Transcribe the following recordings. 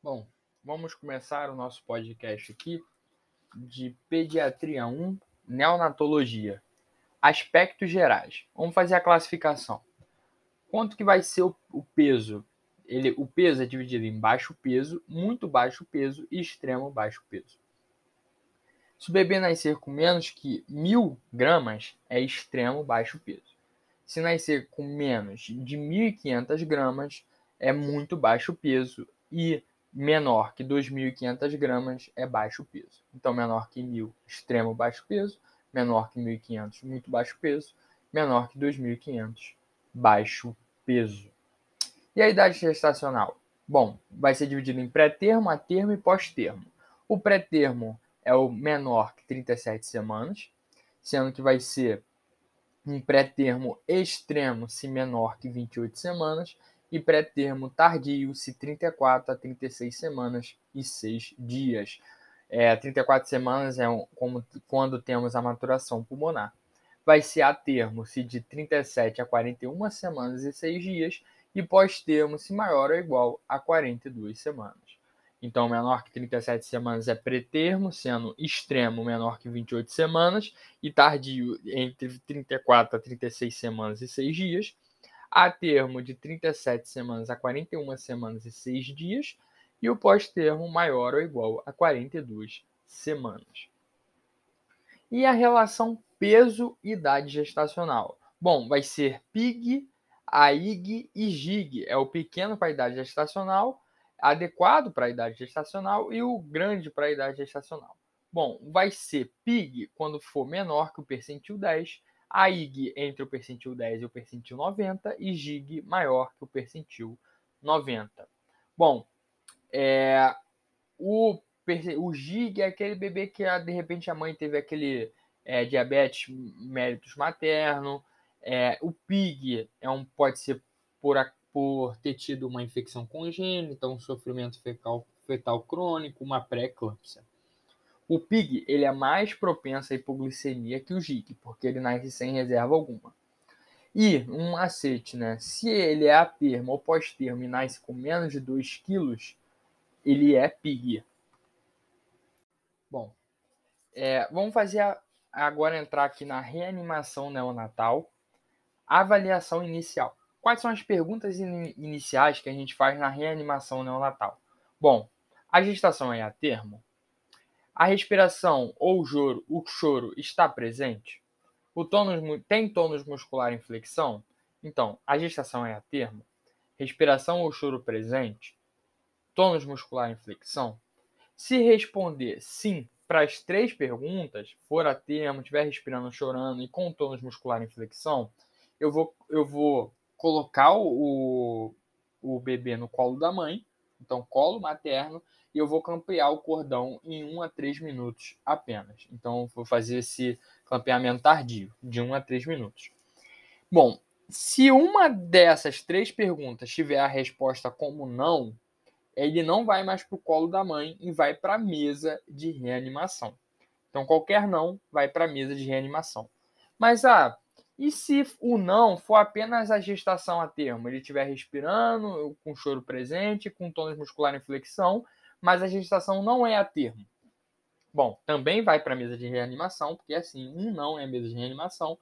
Bom, vamos começar o nosso podcast aqui de Pediatria 1, Neonatologia. Aspectos gerais. Vamos fazer a classificação. Quanto que vai ser o, o peso? Ele, o peso é dividido em baixo peso, muito baixo peso e extremo baixo peso. Se o bebê nascer com menos que mil gramas, é extremo baixo peso. Se nascer com menos de 1.500 gramas, é muito baixo peso. E menor que 2.500 gramas é baixo peso. Então, menor que 1.000, extremo baixo peso. Menor que 1.500, muito baixo peso. Menor que 2.500, baixo peso. E a idade gestacional? Bom, vai ser dividido em pré-termo, termo e pós-termo. O pré-termo é o menor que 37 semanas, sendo que vai ser um pré-termo extremo se menor que 28 semanas e pré-termo tardio-se 34 a 36 semanas e 6 dias. É, 34 semanas é um, como, quando temos a maturação pulmonar. Vai ser a termo-se de 37 a 41 semanas e 6 dias e pós-termo-se maior ou igual a 42 semanas. Então, menor que 37 semanas é pré-termo sendo extremo menor que 28 semanas e tardio entre 34 a 36 semanas e 6 dias a termo de 37 semanas a 41 semanas e 6 dias, e o pós-termo maior ou igual a 42 semanas. E a relação peso-idade gestacional? Bom, vai ser PIG, AIG e GIG. É o pequeno para a idade gestacional, adequado para a idade gestacional e o grande para a idade gestacional. Bom, vai ser PIG quando for menor que o percentil 10 a IG entre o percentil 10 e o percentil 90 e GIG maior que o percentil 90. Bom, é, o, o GIG é aquele bebê que ah, de repente a mãe teve aquele é, diabetes méritos materno, é, o PIG é um, pode ser por, por ter tido uma infecção congênita, um sofrimento fecal, fetal crônico, uma pré-eclâmpsia. O pig ele é mais propenso à hipoglicemia que o JIC, porque ele nasce sem reserva alguma. E um macete, né? Se ele é a termo ou pós-termo e nasce com menos de 2 quilos, ele é pig. Bom, é, vamos fazer a, agora entrar aqui na reanimação neonatal. Avaliação inicial. Quais são as perguntas in, iniciais que a gente faz na reanimação neonatal? Bom, a gestação é a termo? A respiração ou choro, o choro está presente? O tônus, tem tônus muscular em flexão? Então, a gestação é a termo? Respiração ou choro presente? Tônus muscular em flexão? Se responder sim para as três perguntas, for a termo, estiver respirando, chorando e com tônus muscular em flexão, eu vou, eu vou colocar o, o bebê no colo da mãe então, colo materno e eu vou campear o cordão em 1 a 3 minutos apenas. Então, vou fazer esse campeamento tardio, de 1 a 3 minutos. Bom, se uma dessas três perguntas tiver a resposta como não, ele não vai mais para o colo da mãe e vai para a mesa de reanimação. Então, qualquer não vai para a mesa de reanimação. Mas, ah, e se o não for apenas a gestação a termo, ele estiver respirando, com choro presente, com tônus muscular em flexão, mas a gestação não é a termo. Bom, também vai para a mesa de reanimação, porque assim, um não é mesa de reanimação,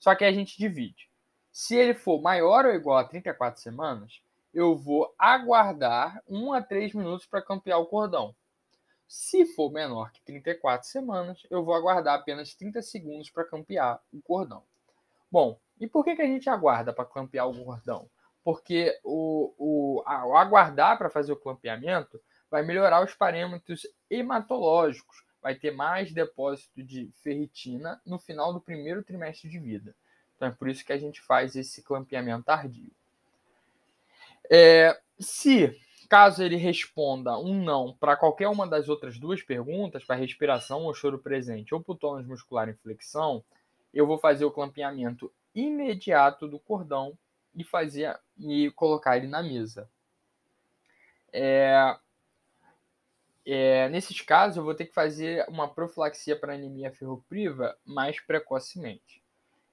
só que a gente divide. Se ele for maior ou igual a 34 semanas, eu vou aguardar 1 a 3 minutos para campear o cordão. Se for menor que 34 semanas, eu vou aguardar apenas 30 segundos para campear o cordão. Bom, e por que, que a gente aguarda para clampear o gordão? Porque o, o, ao aguardar para fazer o clampeamento, vai melhorar os parâmetros hematológicos, vai ter mais depósito de ferritina no final do primeiro trimestre de vida. Então é por isso que a gente faz esse clampeamento tardio. É, se caso ele responda um não para qualquer uma das outras duas perguntas, para respiração ou choro presente ou para o tônus muscular em flexão, eu vou fazer o clampeamento imediato do cordão e fazer e colocar ele na mesa. É, é, nesses casos, eu vou ter que fazer uma profilaxia para anemia ferropriva mais precocemente.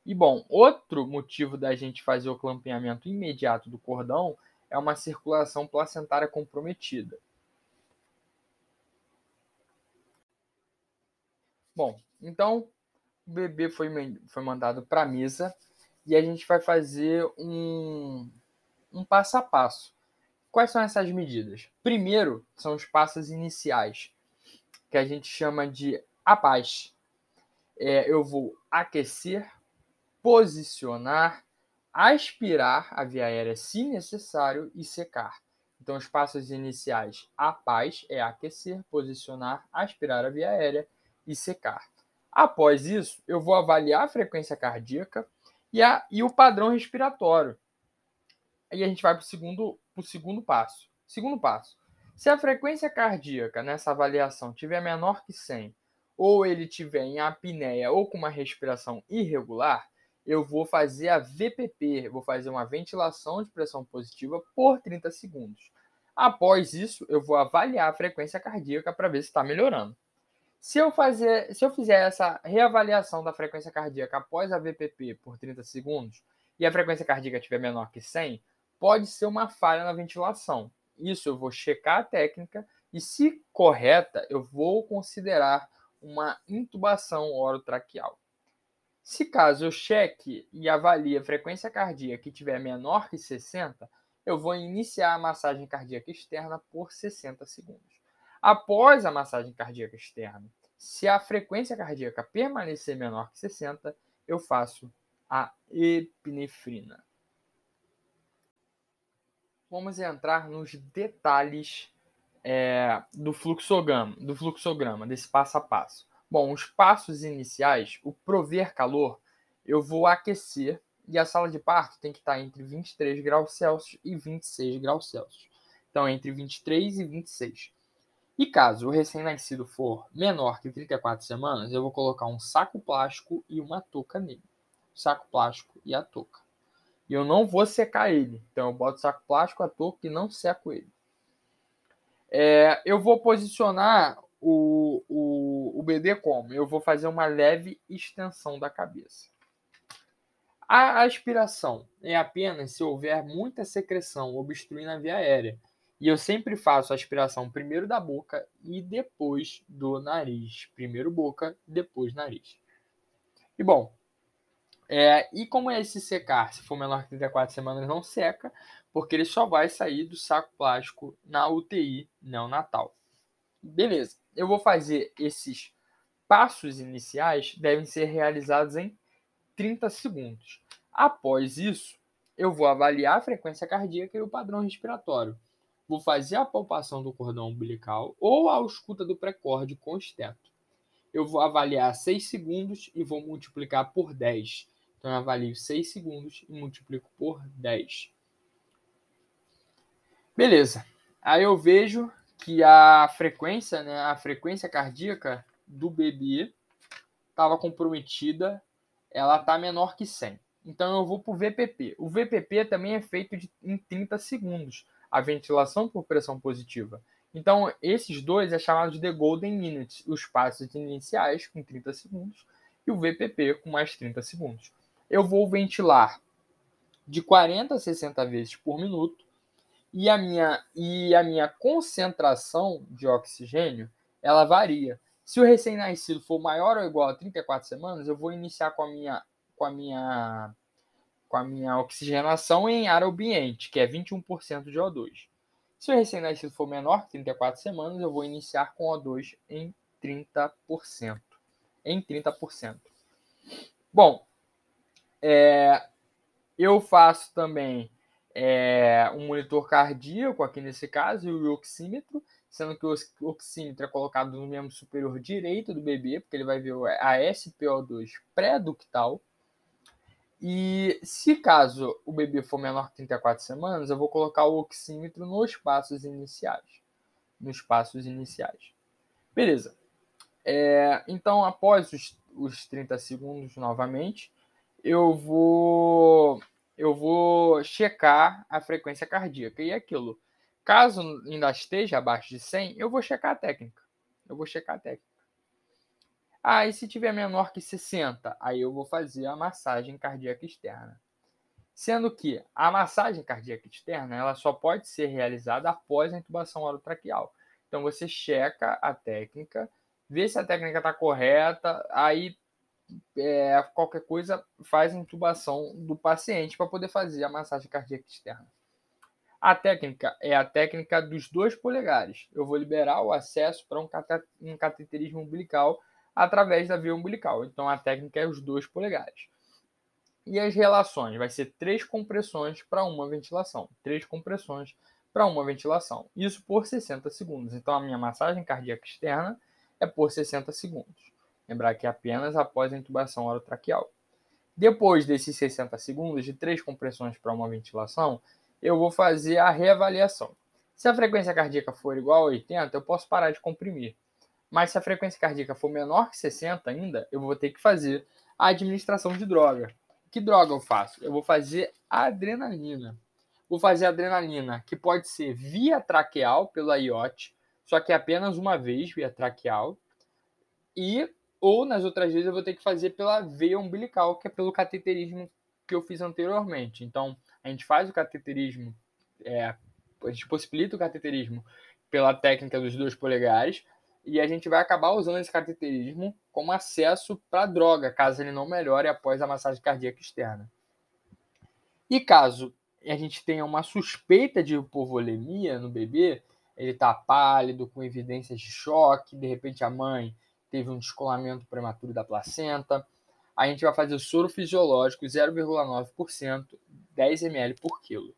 E bom, outro motivo da gente fazer o clampeamento imediato do cordão é uma circulação placentária comprometida. Bom, então o bebê foi, foi mandado para a mesa e a gente vai fazer um, um passo a passo. Quais são essas medidas? Primeiro, são os passos iniciais, que a gente chama de a paz. É, eu vou aquecer, posicionar, aspirar a via aérea se necessário e secar. Então, os passos iniciais a paz é aquecer, posicionar, aspirar a via aérea e secar. Após isso, eu vou avaliar a frequência cardíaca e, a, e o padrão respiratório. Aí a gente vai para o segundo, segundo passo. Segundo passo. Se a frequência cardíaca nessa avaliação tiver menor que 100, ou ele tiver em apneia ou com uma respiração irregular, eu vou fazer a VPP, vou fazer uma ventilação de pressão positiva por 30 segundos. Após isso, eu vou avaliar a frequência cardíaca para ver se está melhorando. Se eu, fazer, se eu fizer essa reavaliação da frequência cardíaca após a VPP por 30 segundos e a frequência cardíaca estiver menor que 100, pode ser uma falha na ventilação. Isso eu vou checar a técnica e, se correta, eu vou considerar uma intubação orotraqueal. Se caso eu cheque e avalie a frequência cardíaca que tiver menor que 60, eu vou iniciar a massagem cardíaca externa por 60 segundos após a massagem cardíaca externa. Se a frequência cardíaca permanecer menor que 60, eu faço a epinefrina. Vamos entrar nos detalhes é, do, fluxograma, do fluxograma, desse passo a passo. Bom, os passos iniciais, o prover calor, eu vou aquecer e a sala de parto tem que estar entre 23 graus Celsius e 26 graus Celsius. Então, entre 23 e 26. E caso o recém-nascido for menor que 34 semanas, eu vou colocar um saco plástico e uma touca nele. Saco plástico e a touca. E eu não vou secar ele. Então eu boto saco plástico, a touca e não seco ele. É, eu vou posicionar o, o, o BD como? Eu vou fazer uma leve extensão da cabeça. A aspiração é apenas se houver muita secreção obstruindo a via aérea e eu sempre faço a aspiração primeiro da boca e depois do nariz. Primeiro boca, depois nariz. E bom, é, e como é esse secar? Se for menor que 34 semanas, não seca, porque ele só vai sair do saco plástico na UTI neonatal. Beleza, eu vou fazer esses passos iniciais, devem ser realizados em 30 segundos. Após isso, eu vou avaliar a frequência cardíaca e o padrão respiratório vou fazer a palpação do cordão umbilical ou a ausculta do pré com esteto. Eu vou avaliar 6 segundos e vou multiplicar por 10. Então, eu avalio 6 segundos e multiplico por 10. Beleza. Aí eu vejo que a frequência, né, a frequência cardíaca do bebê estava comprometida, ela está menor que 100. Então eu vou para o VPP. O VPP também é feito de, em 30 segundos a ventilação por pressão positiva. Então, esses dois é chamado de Golden Minutes, os passos iniciais com 30 segundos e o VPP com mais 30 segundos. Eu vou ventilar de 40 a 60 vezes por minuto e a minha, e a minha concentração de oxigênio ela varia. Se o recém-nascido for maior ou igual a 34 semanas, eu vou iniciar com a minha, com a minha com a minha oxigenação em ar ambiente, que é 21% de O2. Se o recém-nascido for menor, 34 semanas, eu vou iniciar com O2 em 30%. Em 30%. Bom, é, eu faço também é, um monitor cardíaco, aqui nesse caso, e o oxímetro, sendo que o oxímetro é colocado no membro superior direito do bebê, porque ele vai ver a SPO2 pré-ductal, e se caso o bebê for menor que 34 semanas, eu vou colocar o oxímetro nos passos iniciais. Nos passos iniciais. Beleza. É, então, após os, os 30 segundos novamente, eu vou eu vou checar a frequência cardíaca e é aquilo. Caso ainda esteja abaixo de 100, eu vou checar a técnica. Eu vou checar a técnica. Ah, e se tiver menor que 60, aí eu vou fazer a massagem cardíaca externa. Sendo que a massagem cardíaca externa ela só pode ser realizada após a intubação orotraqueal. Então você checa a técnica, vê se a técnica está correta, aí é, qualquer coisa faz a intubação do paciente para poder fazer a massagem cardíaca externa. A técnica é a técnica dos dois polegares. Eu vou liberar o acesso para um, cateterismo umbilical através da via umbilical. Então a técnica é os dois polegares. E as relações? Vai ser três compressões para uma ventilação. Três compressões para uma ventilação. Isso por 60 segundos. Então a minha massagem cardíaca externa é por 60 segundos. Lembrar que é apenas após a intubação orotraqueal. Depois desses 60 segundos, de três compressões para uma ventilação, eu vou fazer a reavaliação. Se a frequência cardíaca for igual a 80, eu posso parar de comprimir. Mas se a frequência cardíaca for menor que 60 ainda, eu vou ter que fazer a administração de droga. Que droga eu faço? Eu vou fazer adrenalina. Vou fazer adrenalina, que pode ser via traqueal pela IOT, só que é apenas uma vez via traqueal. E ou nas outras vezes eu vou ter que fazer pela veia umbilical, que é pelo cateterismo que eu fiz anteriormente. Então, a gente faz o cateterismo, é, a gente possibilita o cateterismo pela técnica dos dois polegares, e a gente vai acabar usando esse cateterismo como acesso para droga, caso ele não melhore após a massagem cardíaca externa. E caso a gente tenha uma suspeita de hipovolemia no bebê, ele está pálido, com evidências de choque, de repente a mãe teve um descolamento prematuro da placenta, a gente vai fazer o soro fisiológico 0,9%, 10 ml por quilo.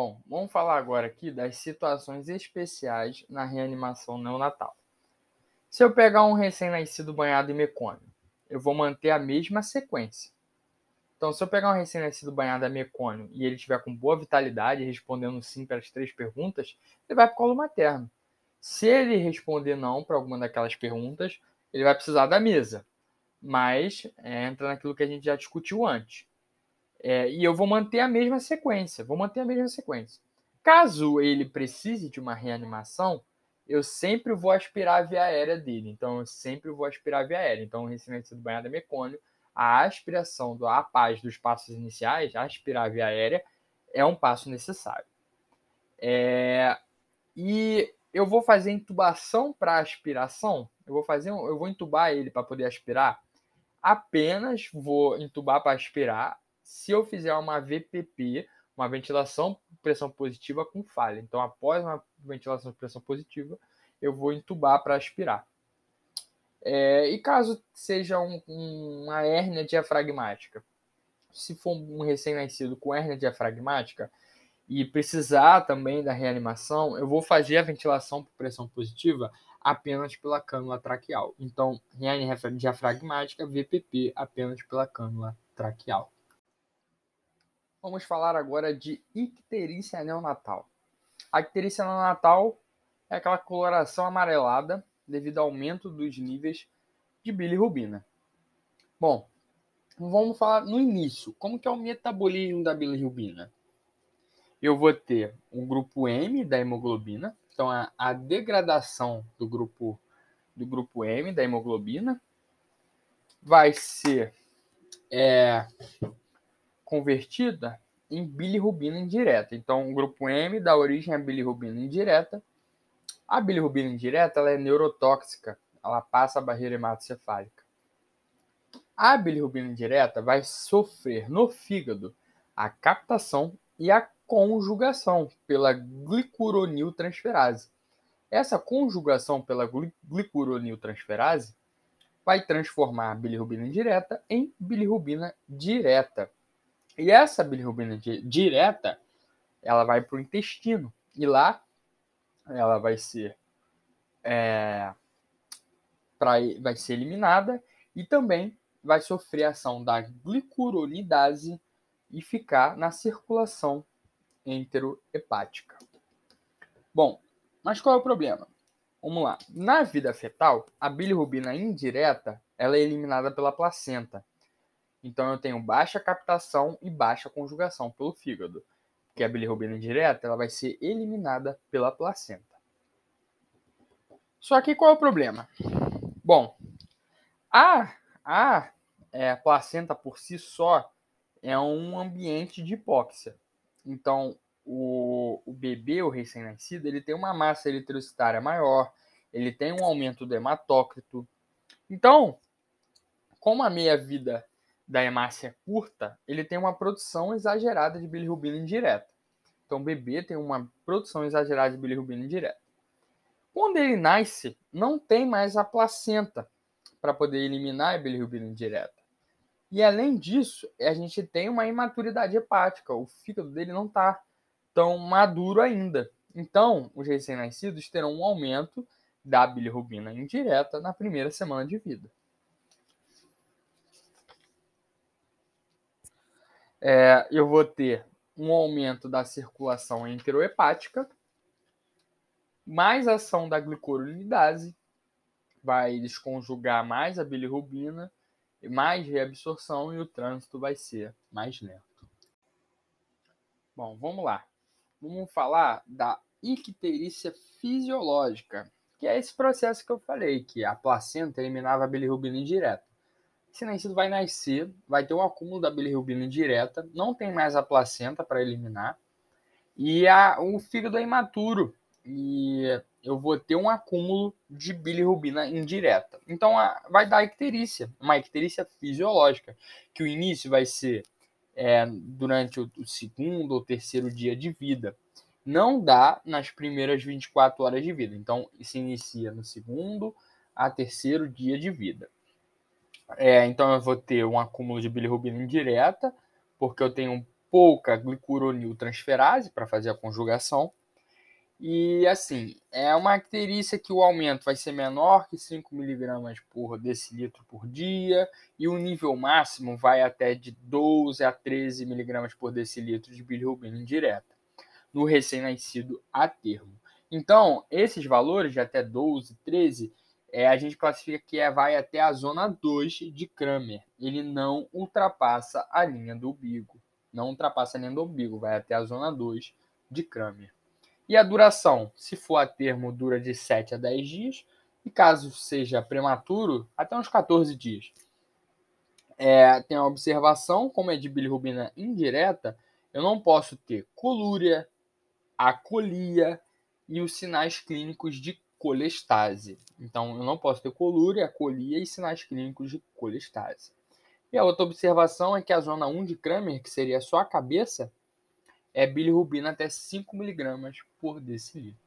Bom, vamos falar agora aqui das situações especiais na reanimação neonatal. Se eu pegar um recém-nascido banhado em mecônio, eu vou manter a mesma sequência. Então, se eu pegar um recém-nascido banhado em mecônio e ele tiver com boa vitalidade, respondendo sim para as três perguntas, ele vai para o colo materno. Se ele responder não para alguma daquelas perguntas, ele vai precisar da mesa. Mas é, entra naquilo que a gente já discutiu antes. É, e eu vou manter a mesma sequência, vou manter a mesma sequência. Caso ele precise de uma reanimação, eu sempre vou aspirar a via aérea dele. Então, eu sempre vou aspirar a via aérea. Então, o recimento do banhado é mecônio. A aspiração do APAS dos passos iniciais, aspirar a via aérea, é um passo necessário. É... E eu vou fazer intubação para aspiração. Eu vou fazer, um... eu vou entubar ele para poder aspirar. Apenas vou entubar para aspirar se eu fizer uma VPP, uma ventilação pressão positiva com falha. Então, após uma ventilação pressão positiva, eu vou entubar para aspirar. É, e caso seja um, um, uma hérnia diafragmática, se for um recém-nascido com hérnia diafragmática e precisar também da reanimação, eu vou fazer a ventilação por pressão positiva apenas pela cânula traqueal. Então, hérnia diafragmática, VPP, apenas pela cânula traqueal. Vamos falar agora de icterícia neonatal. A icterícia neonatal é aquela coloração amarelada devido ao aumento dos níveis de bilirrubina. Bom, vamos falar no início, como que é o metabolismo da bilirrubina? Eu vou ter o grupo M da hemoglobina, então é a degradação do grupo do grupo M da hemoglobina vai ser é, convertida em bilirrubina indireta. Então, o grupo M dá origem à é bilirrubina indireta. A bilirrubina indireta ela é neurotóxica, ela passa a barreira hematocefálica. A bilirrubina indireta vai sofrer no fígado a captação e a conjugação pela glicuroniltransferase. Essa conjugação pela glicuroniltransferase vai transformar a bilirrubina indireta em bilirrubina direta. E essa bilirrubina direta, ela vai para o intestino. E lá, ela vai ser, é, pra, vai ser eliminada e também vai sofrer ação da glicuronidase e ficar na circulação enterohepática. Bom, mas qual é o problema? Vamos lá. Na vida fetal, a bilirrubina indireta ela é eliminada pela placenta. Então eu tenho baixa captação e baixa conjugação pelo fígado, porque a bilirrubina direta ela vai ser eliminada pela placenta. Só que qual é o problema? Bom, a, a é, placenta por si só é um ambiente de hipóxia. Então, o, o bebê, o recém-nascido, ele tem uma massa eritrocitária maior, ele tem um aumento do hematócrito. Então, como a meia-vida da hemácia curta, ele tem uma produção exagerada de bilirrubina indireta. Então, o bebê tem uma produção exagerada de bilirrubina indireta. Quando ele nasce, não tem mais a placenta para poder eliminar a bilirrubina indireta. E além disso, a gente tem uma imaturidade hepática. O fígado dele não está tão maduro ainda. Então, os recém-nascidos terão um aumento da bilirrubina indireta na primeira semana de vida. é, eu vou ter um aumento da circulação enterohepática, mais ação da glicorulidase, vai desconjugar mais a bilirrubina, mais reabsorção e o trânsito vai ser mais lento. Bom, vamos lá. Vamos falar da icterícia fisiológica, que é esse processo que eu falei, que a placenta eliminava a bilirrubina indireta. Esse nascido vai nascer, vai ter um acúmulo da bilirrubina direta, não tem mais a placenta para eliminar, e a, o fígado é imaturo, e eu vou ter um acúmulo de bilirrubina indireta. Então a, vai dar icterícia, uma icterícia fisiológica, que o início vai ser é, durante o, o segundo ou terceiro dia de vida não dá nas primeiras 24 horas de vida. Então, se inicia no segundo a terceiro dia de vida. É, então eu vou ter um acúmulo de bilirrubina indireta, porque eu tenho pouca glicuronil transferase para fazer a conjugação. E assim, é uma característica que o aumento vai ser menor que 5 mg por decilitro por dia, e o nível máximo vai até de 12 a 13 mg por decilitro de bilirrubina indireta, no recém-nascido a termo. Então, esses valores de até 12, 13 é, a gente classifica que é, vai até a zona 2 de Kramer. Ele não ultrapassa a linha do umbigo. Não ultrapassa a linha do umbigo, vai até a zona 2 de Kramer. E a duração? Se for a termo, dura de 7 a 10 dias. E caso seja prematuro, até uns 14 dias. É, tem a observação, como é de bilirrubina indireta, eu não posso ter colúria, acolia e os sinais clínicos de colestase. Então, eu não posso ter colúria, colia e sinais clínicos de colestase. E a outra observação é que a zona 1 de Kramer, que seria só a cabeça, é bilirrubina até 5mg por decilitro.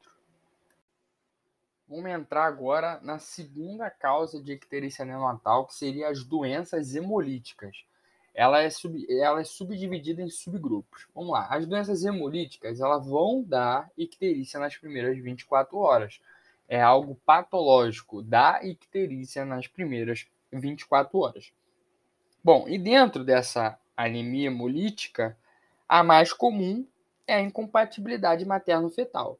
Vamos entrar agora na segunda causa de icterícia neonatal, que seria as doenças hemolíticas. Ela é, sub, ela é subdividida em subgrupos. Vamos lá. As doenças hemolíticas, elas vão dar icterícia nas primeiras 24 horas é algo patológico, da icterícia nas primeiras 24 horas. Bom, e dentro dessa anemia hemolítica, a mais comum é a incompatibilidade materno-fetal.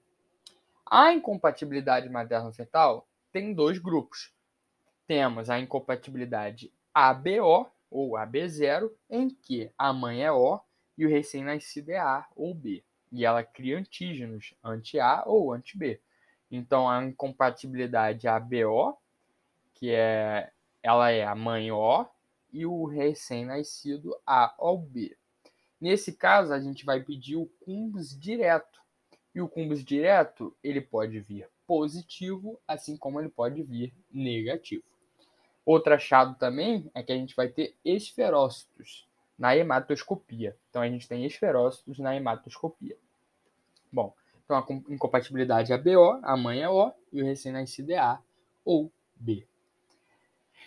A incompatibilidade materno-fetal tem dois grupos. Temos a incompatibilidade ABO ou AB0, em que a mãe é O e o recém-nascido é A ou B, e ela cria antígenos anti-A ou anti-B. Então a incompatibilidade é ABO, que é ela é a mãe O e o recém-nascido A ou B. Nesse caso, a gente vai pedir o cumbus direto. E o cumbus direto, ele pode vir positivo, assim como ele pode vir negativo. Outro achado também é que a gente vai ter esferócitos na hematoscopia. Então a gente tem esferócitos na hematoscopia. Bom, então a incompatibilidade é BO, a mãe é O e o recém-nascido é A ou B.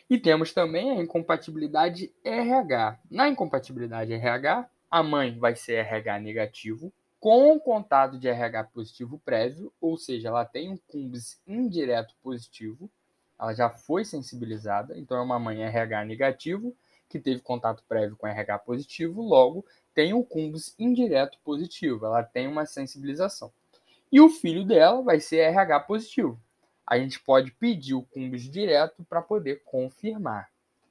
E temos também a incompatibilidade RH. Na incompatibilidade RH, a mãe vai ser RH negativo com contato de RH positivo prévio, ou seja, ela tem um cumbis indireto positivo, ela já foi sensibilizada, então é uma mãe RH negativo que teve contato prévio com RH positivo, logo tem um cumbis indireto positivo, ela tem uma sensibilização. E o filho dela vai ser RH positivo. A gente pode pedir o cumbis direto para poder confirmar.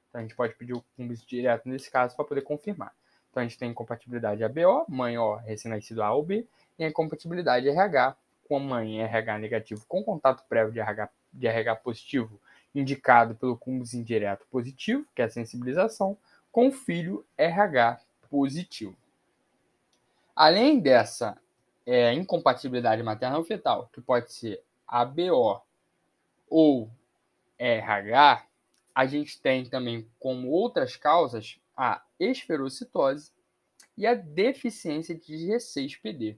Então, a gente pode pedir o cumbis direto nesse caso para poder confirmar. Então a gente tem incompatibilidade ABO, mãe O recém-nascido A ou B, e a incompatibilidade RH com a mãe RH negativo com contato prévio de RH, de RH positivo, indicado pelo cúmulo indireto positivo, que é a sensibilização, com filho RH positivo. Além dessa é, incompatibilidade ou fetal, que pode ser ABO ou RH, a gente tem também como outras causas a esferocitose e a deficiência de G6PD.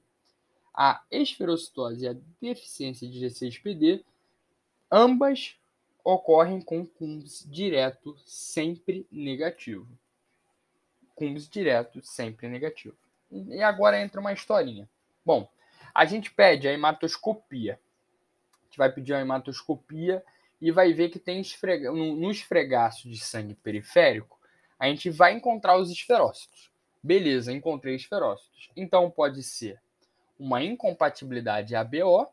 A esferocitose e a deficiência de G6PD, ambas ocorrem com CUMS direto sempre negativo. CUMS direto sempre negativo. E agora entra uma historinha. Bom, a gente pede a hematoscopia. A gente vai pedir a hematoscopia e vai ver que tem esfrega... no esfregaço de sangue periférico, a gente vai encontrar os esferócitos. Beleza, encontrei esferócitos. Então pode ser uma incompatibilidade ABO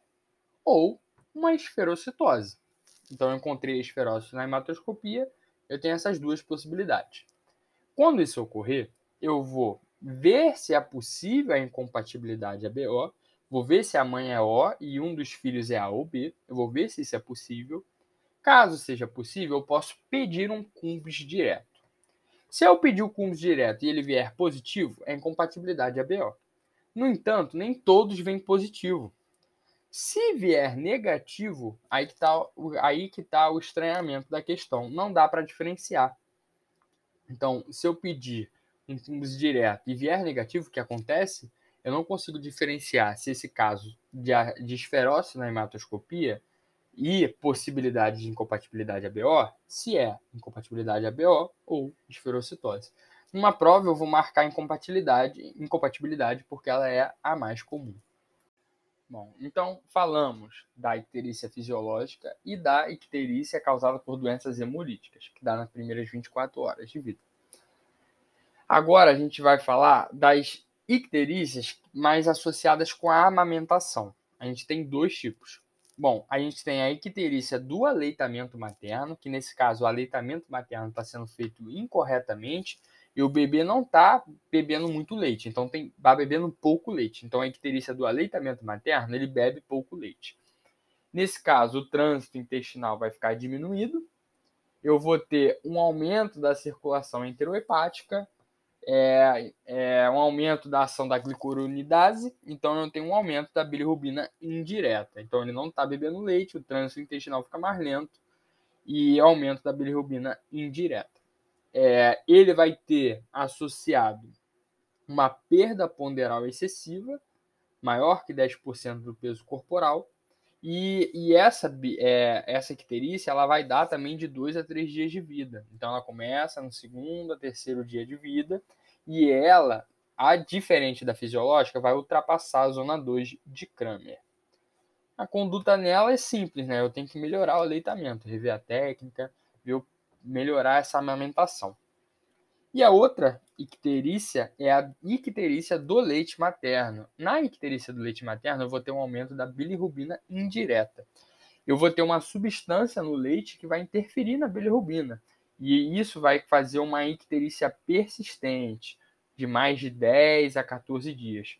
ou uma esferocitose. Então eu encontrei esferócitos na hematoscopia, eu tenho essas duas possibilidades. Quando isso ocorrer, eu vou ver se é possível a incompatibilidade ABO, é vou ver se a mãe é O e um dos filhos é A ou B, eu vou ver se isso é possível. Caso seja possível, eu posso pedir um cumbis direto. Se eu pedir o cumbis direto e ele vier positivo, é incompatibilidade ABO. É no entanto, nem todos vêm positivo. Se vier negativo, aí que está tá o estranhamento da questão. Não dá para diferenciar. Então, se eu pedir um termos direto e vier negativo, que acontece, eu não consigo diferenciar se esse caso de, de esferose na hematoscopia e possibilidade de incompatibilidade ABO, se é incompatibilidade ABO ou esferocitose. Numa prova eu vou marcar incompatibilidade, incompatibilidade porque ela é a mais comum. Bom, então falamos da icterícia fisiológica e da icterícia causada por doenças hemolíticas, que dá nas primeiras 24 horas de vida. Agora a gente vai falar das icterícias mais associadas com a amamentação. A gente tem dois tipos. Bom, a gente tem a icterícia do aleitamento materno, que nesse caso o aleitamento materno está sendo feito incorretamente e o bebê não está bebendo muito leite, então está bebendo pouco leite. Então a icterícia do aleitamento materno, ele bebe pouco leite. Nesse caso, o trânsito intestinal vai ficar diminuído, eu vou ter um aumento da circulação enterohepática, é, é, um aumento da ação da glicuronidase, então eu tenho um aumento da bilirrubina indireta. Então ele não está bebendo leite, o trânsito intestinal fica mais lento e aumento da bilirrubina indireta. É, ele vai ter associado uma perda ponderal excessiva, maior que 10% do peso corporal, e, e essa, é, essa icterícia ela vai dar também de dois a três dias de vida. Então ela começa no segundo a terceiro dia de vida e ela, a diferente da fisiológica, vai ultrapassar a zona 2 de Kramer. A conduta nela é simples, né? Eu tenho que melhorar o aleitamento, rever a técnica, viu melhorar essa amamentação. E a outra icterícia é a icterícia do leite materno. Na icterícia do leite materno, eu vou ter um aumento da bilirrubina indireta. Eu vou ter uma substância no leite que vai interferir na bilirrubina. E isso vai fazer uma icterícia persistente, de mais de 10 a 14 dias.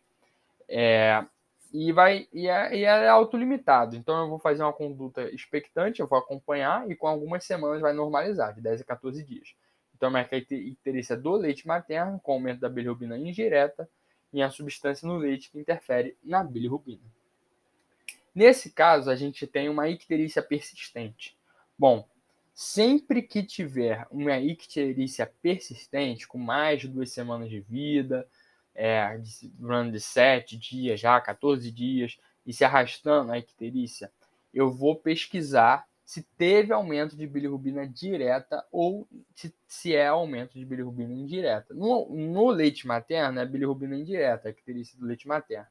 É, e, vai, e, é, e é autolimitado. Então, eu vou fazer uma conduta expectante, eu vou acompanhar e com algumas semanas vai normalizar, de 10 a 14 dias. Então, marca a icterícia do leite materno com o aumento da bilirrubina indireta e a substância no leite que interfere na bilirrubina. Nesse caso, a gente tem uma icterícia persistente. Bom, sempre que tiver uma icterícia persistente, com mais de duas semanas de vida, é, durante de dias já, 14 dias, e se arrastando a icterícia, eu vou pesquisar se teve aumento de bilirrubina é direta ou se, se é aumento de bilirrubina indireta. No, no leite materno é bilirrubina indireta, que teria sido leite materno.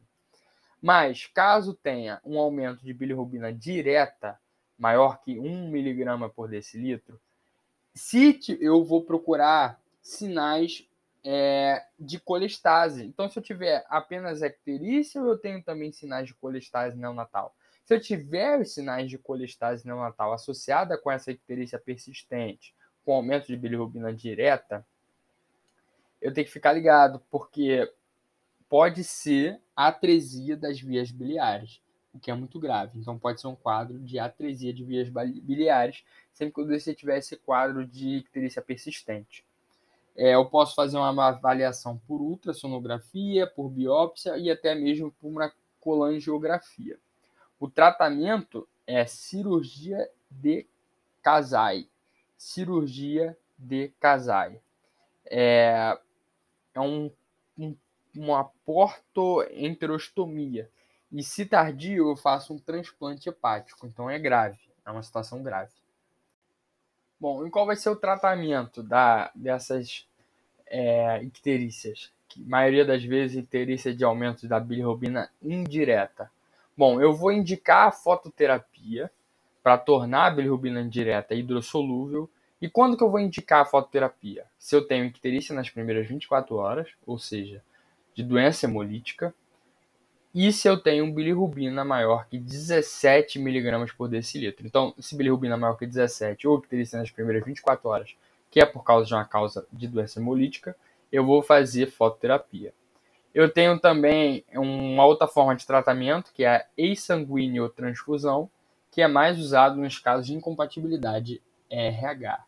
Mas caso tenha um aumento de bilirrubina direta maior que 1 miligrama por decilitro, se eu vou procurar sinais é, de colestase. Então, se eu tiver apenas ecterícia, eu tenho também sinais de colestase neonatal. Se eu tiver os sinais de colestase neonatal associada com essa icterícia persistente, com aumento de bilirrubina direta, eu tenho que ficar ligado, porque pode ser atresia das vias biliares, o que é muito grave. Então, pode ser um quadro de atresia de vias biliares, sempre que você tiver esse quadro de icterícia persistente. É, eu posso fazer uma avaliação por ultrassonografia, por biópsia e até mesmo por uma colangiografia. O tratamento é cirurgia de Kasai. Cirurgia de Kasai. É, é um, um, uma portoenterostomia. E se tardio, eu faço um transplante hepático. Então é grave. É uma situação grave. Bom, e qual vai ser o tratamento da, dessas é, icterícias? Que, maioria das vezes, icterícia de aumento da bilirrubina indireta. Bom, eu vou indicar a fototerapia para tornar a bilirrubina indireta hidrossolúvel. E quando que eu vou indicar a fototerapia? Se eu tenho icterícia nas primeiras 24 horas, ou seja, de doença hemolítica, e se eu tenho bilirrubina maior que 17 mg por decilitro. Então, se bilirrubina maior que 17 ou icterícia nas primeiras 24 horas, que é por causa de uma causa de doença hemolítica, eu vou fazer fototerapia. Eu tenho também uma outra forma de tratamento, que é a transfusão, que é mais usado nos casos de incompatibilidade RH.